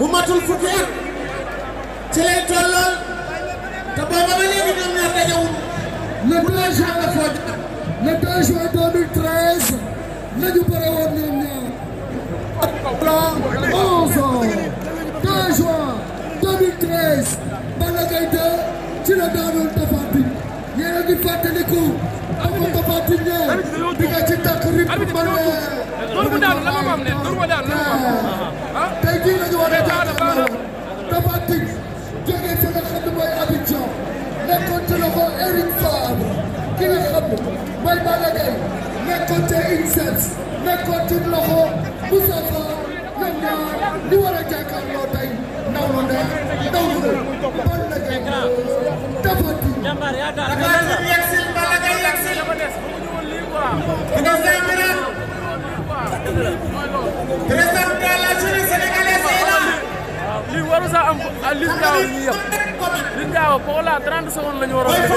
bu matul fukki at ci lay tollool te booba ba léegi ñoom ñaar dajawul le 2 juin la foo le 2 juin 2013 la ñu bëre woon ñoom ñaar la 11 ans 2 juin 2013 Balla Gaye 2 ci la daanoon Tapha Tine yéen a ngi fàtte ne Daara Baara dafa tëj waru sax am Liss Ndiago ñuy yëpp Liss Ndiago kooku laa 30 secondes la ñu waroon def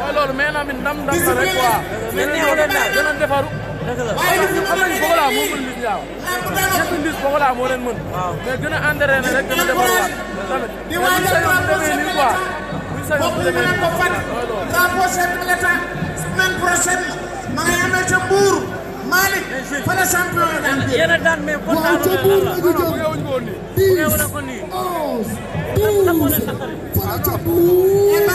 waaye loolu mais naa mi ndam ndam la rek quoi gën a defaru waaye ñun xam nañu Pokola moo mën Liss Ndiago ñetti Liss Pokola moo leen mën mais gën a entraîné rek gën a defaruwaat tamit mais buñ sañoon bu demee nii quoi buñ sañoon bu demee nii mooy loolu. la prochaine étape semaine prochaine ma ngay amee ca Mbour Malick fa la la waaw ca buur la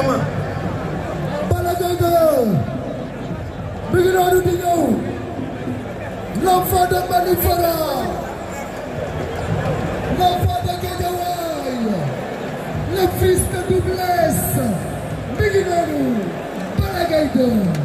ñu Bigirado Digão, Lavada Manifara, Fils de Douglas. Dublessa, Para Paragaidão.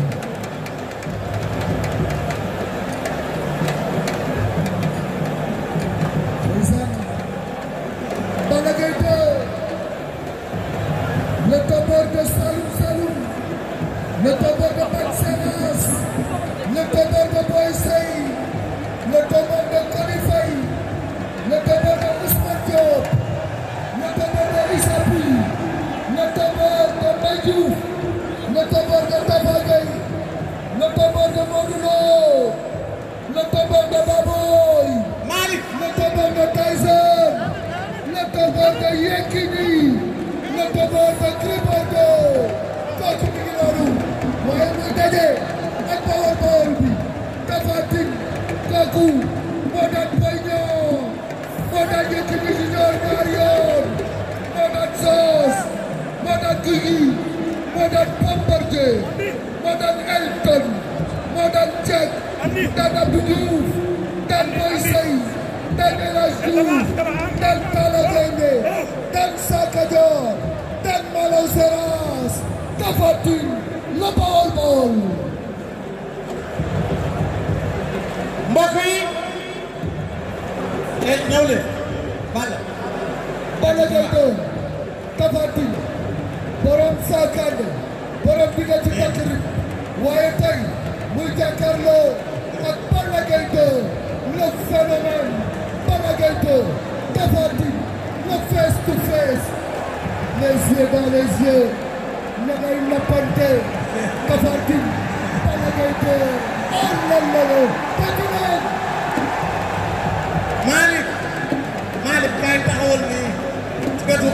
Kooku moo daan Boy Niang moo daan Yékini Junior ñaari yoon moo daan Zoss moo daan Gouye Gui moo daan Bombardier moo daan Elton moo daan Dieng daan Abdou Diouf daan Boy Sèye daan El Hadj Diouf daan Balla Gaye oh. daan Sa Cadior daan Malaw Seras Tapha Tine Yes. Les yeux dans les yeux. Nagay lapante. Kafartin. Talagayte. Allalalo. Takinan. Malik. Malik kay taxawal ni. Ci bëtu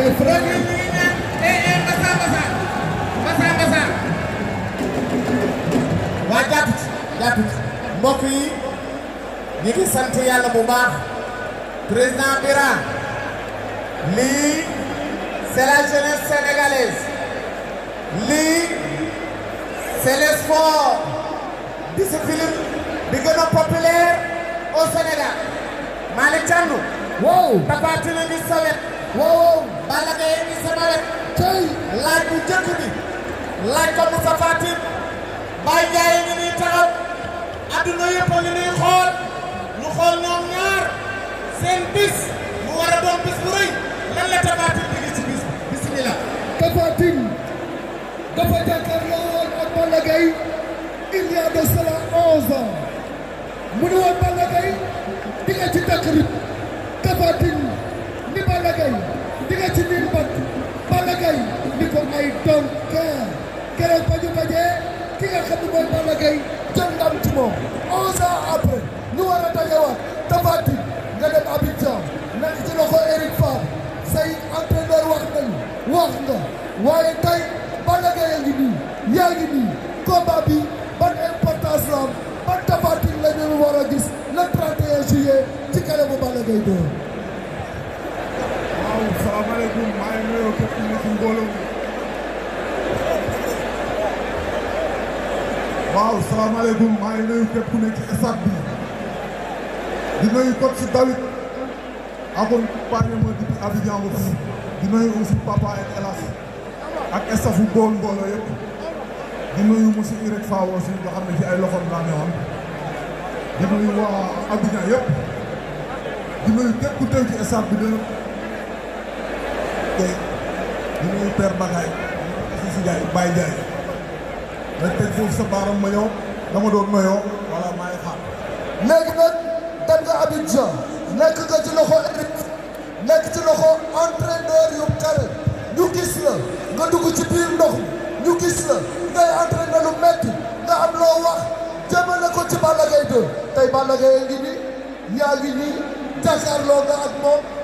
day faral di. waa jàpp ci jàpp yi ñu ngi sant yàlla baax président Bira lii c'est la lii c'est le sport discipline bi gën a populaire au Sénégal Malick Thiandou waaw Tapha ngi sa wet waaw waaw Balla ngi sama wet laaj bu njëkk bi laaj ko Tapha Tine Baye Ndiaye ngi nii taxaw adduna yëpp ngi nii xool ñu xool ñoom ñaar seen bis mu war a doon bis bu rëy lan la Tapha ci bis bismillah Tapha dafa jàkkaarloo woon ak Balla Gaye il y a mu ne woon Balla di nga ci takk ni Balla Gaye di nga ci biir bat ni ko ay donkaar keroog ba ñu ki nga xam ne mooy Balla Gaye jël ndam ci moom 11 ans après ñu war a nga dem Abidjan nekk ci loxo Eric Fall say entraîneur wax nañu wax nga waaye tey Balla Gaye a ngi nii yaa asalaamaaleykum maa ngi maa ngi nuyu képp ku nekk ci stade bi di nuyu coach si David accompagné ma depuis Abidjan ba fii di nuyu aussi papa ak El ak staffu bool mbooloo yëpp di nuyu monsieur Irek Faw aussi nga xam ne ci ay loxoom laa ne woon di nuyu waa Abidjan yëpp di nuyu képp ku ci stade bi de. Gueye di nuyu Père Bagaye Sisi Ndiaye Baye Ndiaye nga teg foofu sa baaram ma dama doon noyoo voilà maa ngi xaar. léegi nag dem nga nekk nga ci loxo RIP nekk ci loxo entraîneur yu kare ñu gis la nga dugg ci biir ndox ñu gis la ngay entraîné lu metti nga am loo wax jëmale ko ci Balla Gaye tey Balla ngi nii yaa ngi nii jàkkaarloo nga ak moom.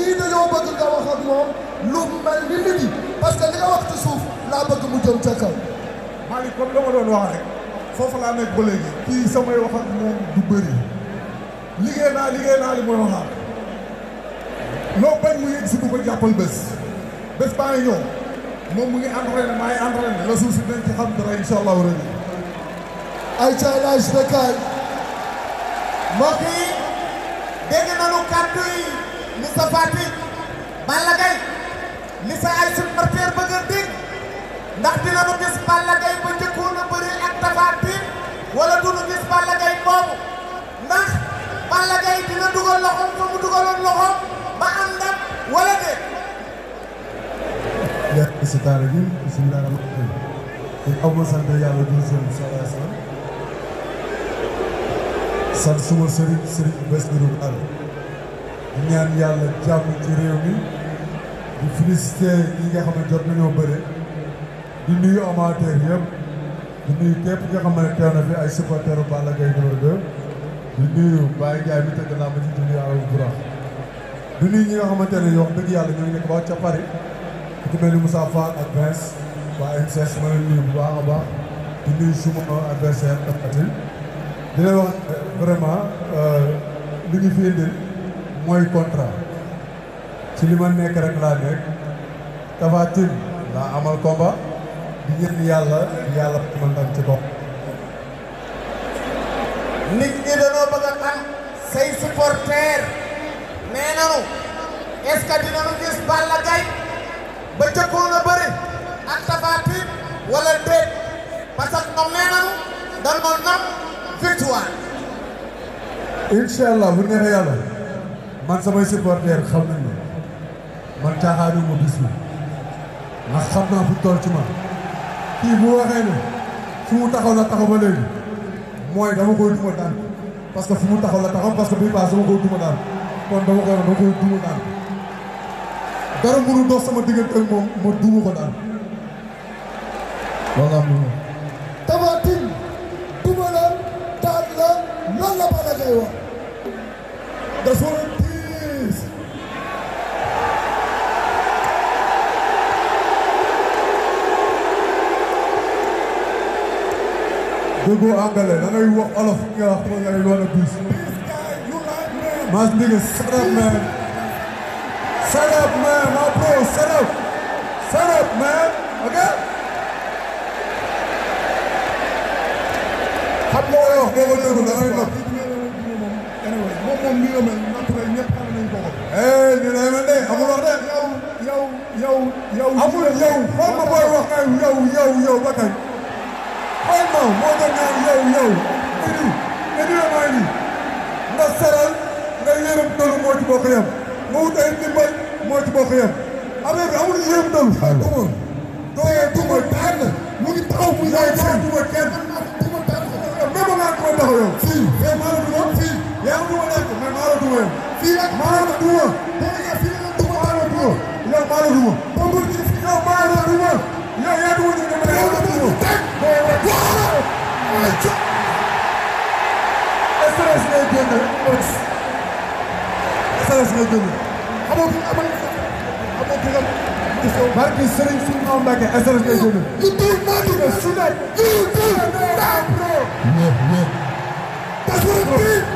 nii dañoo bëgg nga wax ak moom lu mel ni nit yi parce li nga wax ci suuf laa bëgg mu jëm ca kaw. maa ngi doon wax rek foofu laa nekk ba léegi kii samay wax ak moom du bëri liggéey naa liggéey naa li mooy waxaat mu ngi ñëw moom mu la suuf si dinañ ci xam dara incha allahu rabi. ay challenge de kaay. mbokk yi dégg nañu kàddu yi. Moussa Fatick Balla Gaye Moussa ay supporter bëgg a dégg ndax dina nu gis Balla Gaye ba njëkkoon a ak Tapha Tine wala du nu gis boobu ndax Balla dina dugal loxoom mu dugaloon loxoom ba am ndam wala déet. jërëjëf si taal bi bisimilah rahmaani rahiim aw ma yàlla di leen sëriñ Salah Salaam sant suma sëriñ sëriñ bés bi ñaan yàlla jàmm ci réew mi di félicité ñi nga xam ne jot nañoo bëre di nuyu amateur yëpp di nuyu képp nga xam ne fi ay supporteru Balla Gaye numéro 2 di nuyu Baye Ndiaye mi tëgg naa ma ci di nuyu di nuyu ñi nga xamante ne wax dëgg yàlla ñoo nekk ba ca Paris ku ci mel ni Moussa ak Vince waa MCS ma leen nuyu baax a baax di nuyu suma adversaire ak Atil di leen wax euh, vraiment euh, li ñu fi world contract ci li ma nekk rek laa nekk Tapha Tine laa amal combat di ñaan yàlla yàlla man dam ci bopp nit ñi dañoo bëgg a xam say supporter nee nanu est-ce que dinañu gis Balla Gaye ba jëkkoon a bëri ak Tapha Tine wala déet parce que moom nee nanu dañoo nam victoire incha allah bu neexee yàlla man samay supporter xam nañ ma man caaxaanu ma bis bi ndax xam naa fu toll ci ma kii bu waxee ne fu mu taxaw la taxaw ba léegi mooy dama koy duma daan parce que fu mu taxaw la taxaw parce que bii paas dama koy duma daan kon dama koy dama duma daan dara mënu dox sama diggante ak ma duma ko daan walla mu Tapha Tine duma la daan la lan la Balla Gaye wax go angale da ngay wax olof nga wax ko ngay wala bis mas nigga set up man set up man my bro set up set up man okay xam nga wax boo ko déglu da ngay nopp anyway moom moom mi nga mel naturel ñëpp xam nañ ko ko eh ni lay mel de amul wax de yow yow yow yow amul yow xam nga booy wax ngay yow yow yow ba kañ ginnaaw moo doon ñaan yow yow Idi Idi Amady Idi nga saral nga tollu moo ci yam nga wut ay ndimbal moo yam affaire bi amul yërëm tollu. waaw doo tuuma daan na mu ngi taxaw mu yaay kenn tuuma kenn. même maa ngi taxaw yow. fii mais maa la fii yaa ngi duma nekk mais fii nag maa la duma. dégg nga fii la duma maa la duma. yow maa la duma. X. Mesela şöyle dönün. Ama ama ama tekrar. Herkes senin senin andaki eser şöyle dönün. You do nothing. You do nothing, bro. That's what it is.